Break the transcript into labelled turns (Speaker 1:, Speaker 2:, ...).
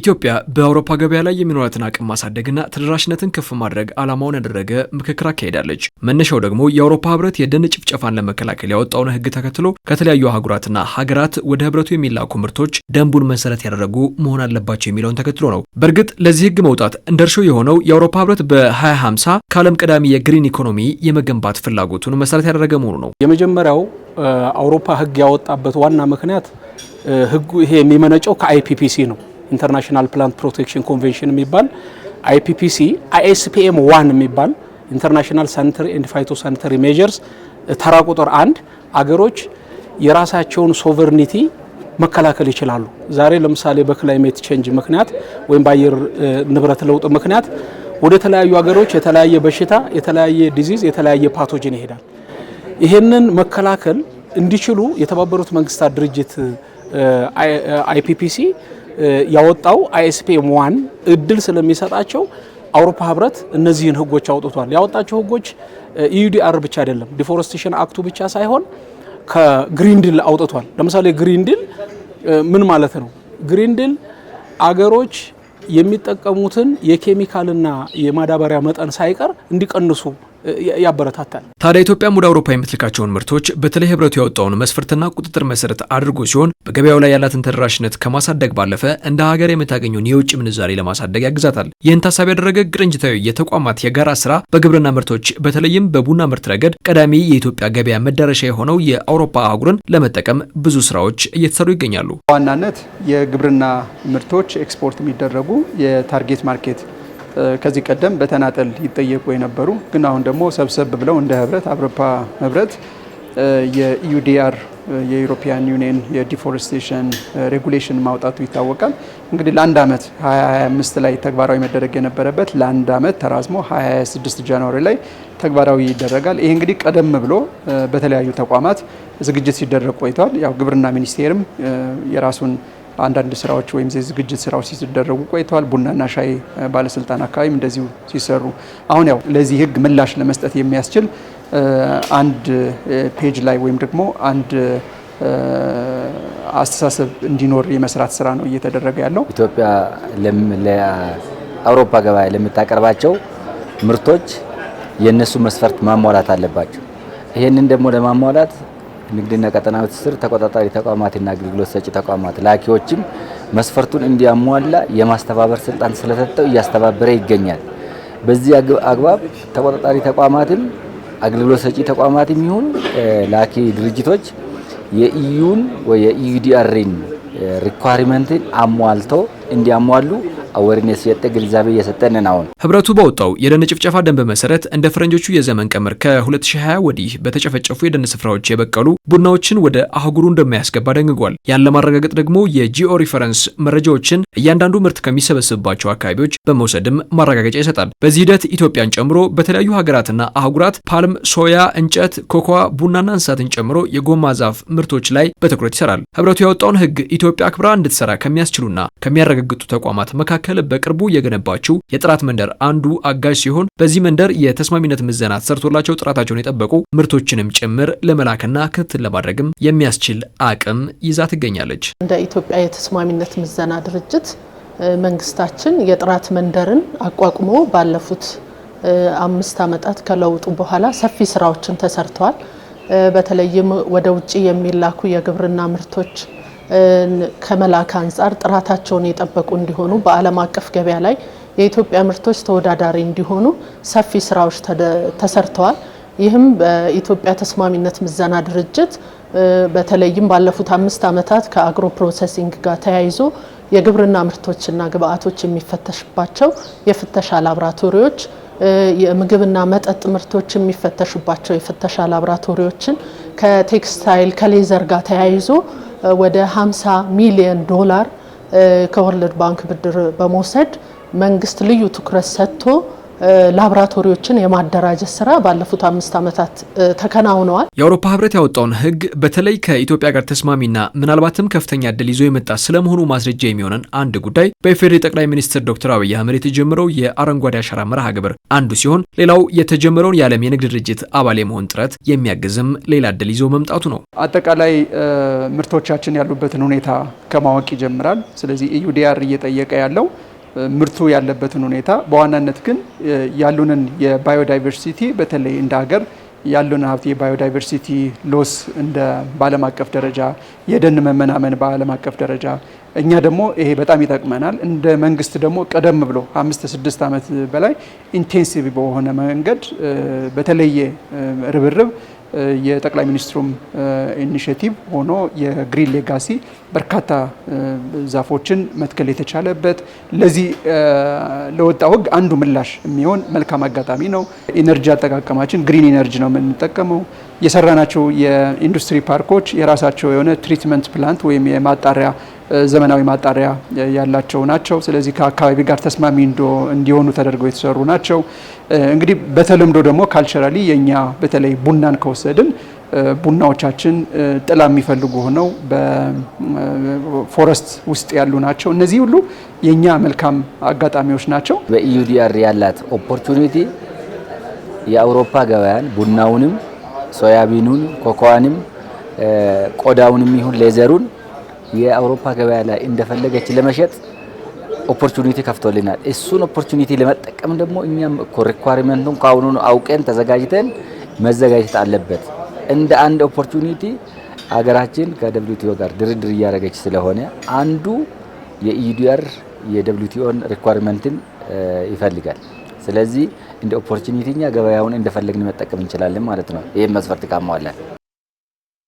Speaker 1: ኢትዮጵያ በአውሮፓ ገበያ ላይ የሚኖራትን አቅም ማሳደግና ተደራሽነትን ከፍ ማድረግ ዓላማውን ያደረገ ምክክር አካሄዳለች። መነሻው ደግሞ የአውሮፓ ህብረት የደን ጭፍጨፋን ለመከላከል ያወጣውን ህግ ተከትሎ ከተለያዩ አህጉራትና ሀገራት ወደ ህብረቱ የሚላኩ ምርቶች ደንቡን መሰረት ያደረጉ መሆን አለባቸው የሚለውን ተከትሎ ነው። በእርግጥ ለዚህ ህግ መውጣት እንደ እርሾ የሆነው የአውሮፓ ህብረት በ2050 ከዓለም ቀዳሚ የግሪን ኢኮኖሚ የመገንባት ፍላጎቱን መሰረት ያደረገ መሆኑ ነው።
Speaker 2: የመጀመሪያው አውሮፓ ህግ ያወጣበት ዋና ምክንያት ህጉ ይሄ የሚመነጨው ከአይፒፒሲ ነው ኢንተርናሽናል ፕላንት ፕሮቴክሽን ኮንቬንሽን የሚባል አይፒፒሲ አይኤስፒኤም ዋን የሚባል ኢንተርናሽናል ሳኒተሪ ኤንድ ፋይቶ ሳኒተሪ ሜጀርስ ተራ ቁጥር አንድ አገሮች የራሳቸውን ሶቨርኒቲ መከላከል ይችላሉ። ዛሬ ለምሳሌ በክላይሜት ቼንጅ ምክንያት ወይም በአየር ንብረት ለውጥ ምክንያት ወደ ተለያዩ ሀገሮች የተለያየ በሽታ፣ የተለያየ ዲዚዝ፣ የተለያየ ፓቶጅን ይሄዳል። ይህንን መከላከል እንዲችሉ የተባበሩት መንግስታት ድርጅት አይፒፒሲ ያወጣው አይኤስፒኤም ዋን እድል ስለሚሰጣቸው አውሮፓ ህብረት እነዚህን ህጎች አውጥቷል። ያወጣቸው ህጎች ኢዩዲአር e ብቻ አይደለም፣ ዲፎረስቴሽን አክቱ ብቻ ሳይሆን ከግሪን ዲል አውጥቷል። ለምሳሌ ግሪን ዲል ምን ማለት ነው? ግሪን ዲል አገሮች የሚጠቀሙትን የኬሚካልና የማዳበሪያ መጠን ሳይቀር እንዲቀንሱ ያበረታታል።
Speaker 1: ታዲያ ኢትዮጵያም ወደ አውሮፓ የምትልካቸውን ምርቶች በተለይ ህብረቱ ያወጣውን መስፈርትና ቁጥጥር መሰረት አድርጎ ሲሆን በገበያው ላይ ያላትን ተደራሽነት ከማሳደግ ባለፈ እንደ ሀገር የምታገኘውን የውጭ ምንዛሬ ለማሳደግ ያግዛታል። ይህን ታሳቢ ያደረገ ቅንጅታዊ የተቋማት የጋራ ስራ በግብርና ምርቶች በተለይም በቡና ምርት ረገድ ቀዳሚ የኢትዮጵያ ገበያ መዳረሻ የሆነው የአውሮፓ አህጉርን ለመጠቀም ብዙ ስራዎች እየተሰሩ ይገኛሉ።
Speaker 2: በዋናነት የግብርና ምርቶች ኤክስፖርት የሚደረጉ የታርጌት ማርኬት ከዚህ ቀደም በተናጠል ይጠየቁ የነበሩ ግን አሁን ደግሞ ሰብሰብ ብለው እንደ ህብረት አውሮፓ ህብረት የኢዩዲአር የኢሮፒያን ዩኒየን የዲፎሬስቴሽን ሬጉሌሽን ማውጣቱ ይታወቃል። እንግዲህ ለአንድ ዓመት 2025 ላይ ተግባራዊ መደረግ የነበረበት ለአንድ ዓመት ተራዝሞ 2026 ጃንዋሪ ላይ ተግባራዊ ይደረጋል። ይሄ እንግዲህ ቀደም ብሎ በተለያዩ ተቋማት ዝግጅት ሲደረግ ቆይቷል። ያው ግብርና ሚኒስቴርም የራሱን አንዳንድ ስራዎች ወይም ዝግጅት ስራዎች ሲደረጉ ቆይተዋል። ቡናና ሻይ ባለስልጣን አካባቢም እንደዚሁ ሲሰሩ አሁን ያው ለዚህ ህግ ምላሽ ለመስጠት የሚያስችል አንድ ፔጅ ላይ ወይም ደግሞ አንድ አስተሳሰብ እንዲኖር የመስራት ስራ ነው እየተደረገ ያለው።
Speaker 3: ኢትዮጵያ ለአውሮፓ ገበያ ለምታቀርባቸው ምርቶች የእነሱ መስፈርት ማሟላት አለባቸው። ይህንን ደግሞ ለማሟላት ንግድና ቀጠናዊ ትስስር ተቆጣጣሪ ተቋማትና አገልግሎት ሰጪ ተቋማት ላኪዎችም መስፈርቱን እንዲያሟላ የማስተባበር ስልጣን ስለሰጠው እያስተባበረ ይገኛል። በዚህ አግባብ ተቆጣጣሪ ተቋማትም አገልግሎት ሰጪ ተቋማትም ይሁን ላኪ ድርጅቶች የኢዩን ወይ የኢዩዲአርን ሪኳሪመንትን አሟልተው እንዲያሟሉ አወርኔስ የጠ ግንዛቤ እየሰጠን አሁን
Speaker 1: ህብረቱ በወጣው የደን ጭፍጨፋ ደንብ መሰረት እንደ ፈረንጆቹ የዘመን ቀመር ከ2020 ወዲህ በተጨፈጨፉ የደን ስፍራዎች የበቀሉ ቡናዎችን ወደ አህጉሩ እንደማያስገባ ደንግጓል። ያን ለማረጋገጥ ደግሞ የጂኦ ሪፈረንስ መረጃዎችን እያንዳንዱ ምርት ከሚሰበስብባቸው አካባቢዎች በመውሰድም ማረጋገጫ ይሰጣል። በዚህ ሂደት ኢትዮጵያን ጨምሮ በተለያዩ ሀገራትና አህጉራት ፓልም፣ ሶያ፣ እንጨት፣ ኮኳ፣ ቡናና እንስሳትን ጨምሮ የጎማ ዛፍ ምርቶች ላይ በትኩረት ይሰራል። ህብረቱ ያወጣውን ህግ ኢትዮጵያ አክብራ እንድትሰራ ከሚያስችሉና ከሚያረጋግጡ ተቋማት መካከል መካከል በቅርቡ የገነባችው የጥራት መንደር አንዱ አጋዥ ሲሆን በዚህ መንደር የተስማሚነት ምዘና ተሰርቶላቸው ጥራታቸውን የጠበቁ ምርቶችንም ጭምር ለመላክና ክትትል ለማድረግም የሚያስችል አቅም ይዛ ትገኛለች።
Speaker 4: እንደ ኢትዮጵያ የተስማሚነት ምዘና ድርጅት መንግስታችን የጥራት መንደርን አቋቁሞ ባለፉት አምስት ዓመታት ከለውጡ በኋላ ሰፊ ስራዎችን ተሰርተዋል። በተለይም ወደ ውጭ የሚላኩ የግብርና ምርቶች ከመላክ አንጻር ጥራታቸውን የጠበቁ እንዲሆኑ በዓለም አቀፍ ገበያ ላይ የኢትዮጵያ ምርቶች ተወዳዳሪ እንዲሆኑ ሰፊ ስራዎች ተሰርተዋል። ይህም በኢትዮጵያ ተስማሚነት ምዘና ድርጅት በተለይም ባለፉት አምስት ዓመታት ከአግሮ ፕሮሰሲንግ ጋር ተያይዞ የግብርና ምርቶችና ግብአቶች የሚፈተሽባቸው የፍተሻ ላብራቶሪዎች፣ የምግብና መጠጥ ምርቶች የሚፈተሹባቸው የፍተሻ ላብራቶሪዎችን ከቴክስታይል ከሌዘር ጋር ተያይዞ ወደ 50 ሚሊዮን ዶላር ከወርልድ ባንክ ብድር በመውሰድ መንግስት ልዩ ትኩረት ሰጥቶ ላብራቶሪዎችን የማደራጀት ስራ ባለፉት አምስት ዓመታት ተከናውነዋል።
Speaker 1: የአውሮፓ ህብረት ያወጣውን ህግ በተለይ ከኢትዮጵያ ጋር ተስማሚና ምናልባትም ከፍተኛ እድል ይዞ የመጣ ስለመሆኑ ማስረጃ የሚሆነን አንድ ጉዳይ በኢፌዴሪ ጠቅላይ ሚኒስትር ዶክተር አብይ አህመድ የተጀመረው የአረንጓዴ አሻራ መርሃ ግብር አንዱ ሲሆን፣ ሌላው የተጀመረውን የዓለም የንግድ ድርጅት አባል የመሆን ጥረት የሚያግዝም ሌላ እድል ይዞ መምጣቱ ነው።
Speaker 2: አጠቃላይ ምርቶቻችን ያሉበትን ሁኔታ ከማወቅ ይጀምራል። ስለዚህ ኢዩዲአር እየጠየቀ ያለው ምርቱ ያለበትን ሁኔታ በዋናነት ግን ያሉንን የባዮዳይቨርሲቲ በተለይ እንደ ሀገር ያሉን ሀብት የባዮዳይቨርሲቲ ሎስ እንደ በዓለም አቀፍ ደረጃ የደን መመናመን በዓለም አቀፍ ደረጃ እኛ ደግሞ ይሄ በጣም ይጠቅመናል። እንደ መንግስት ደግሞ ቀደም ብሎ አምስት ስድስት ዓመት በላይ ኢንቴንሲቭ በሆነ መንገድ በተለየ ርብርብ የጠቅላይ ሚኒስትሩም ኢኒሽቲቭ ሆኖ የግሪን ሌጋሲ በርካታ ዛፎችን መትከል የተቻለበት ለዚህ ለወጣ ሕግ አንዱ ምላሽ የሚሆን መልካም አጋጣሚ ነው። ኢነርጂ አጠቃቀማችን ግሪን ኢነርጂ ነው የምንጠቀመው። የሰራናቸው የኢንዱስትሪ ፓርኮች የራሳቸው የሆነ ትሪትመንት ፕላንት ወይም የማጣሪያ ዘመናዊ ማጣሪያ ያላቸው ናቸው። ስለዚህ ከአካባቢ ጋር ተስማሚ እንዲሆኑ ተደርገው የተሰሩ ናቸው። እንግዲህ በተለምዶ ደግሞ ካልቸራሊ የእኛ በተለይ ቡናን ከወሰድን ቡናዎቻችን ጥላ የሚፈልጉ ሆነው በፎረስት ውስጥ ያሉ ናቸው። እነዚህ ሁሉ የእኛ መልካም አጋጣሚዎች ናቸው።
Speaker 3: በኢዩዲአር ያላት ኦፖርቹኒቲ የአውሮፓ ገበያን ቡናውንም፣ ሶያቢኑን፣ ኮኮዋንም፣ ቆዳውንም ይሁን ሌዘሩን የአውሮፓ ገበያ ላይ እንደፈለገች ለመሸጥ ኦፖርቹኒቲ ከፍቶልናል። እሱን ኦፖርቹኒቲ ለመጠቀም ደግሞ እኛም እኮ ሪኳርመንቱን ከአሁኑ አውቀን ተዘጋጅተን መዘጋጀት አለበት። እንደ አንድ ኦፖርቹኒቲ ሀገራችን ከደብሊውቲኦ ጋር ድርድር እያደረገች ስለሆነ አንዱ የኢዲአር የደብሊውቲኦን ሪኳርመንትን ይፈልጋል። ስለዚህ እንደ ኦፖርቹኒቲ እኛ ገበያውን እንደፈለግን መጠቀም እንችላለን ማለት ነው። ይህም መስፈርት ካሟላል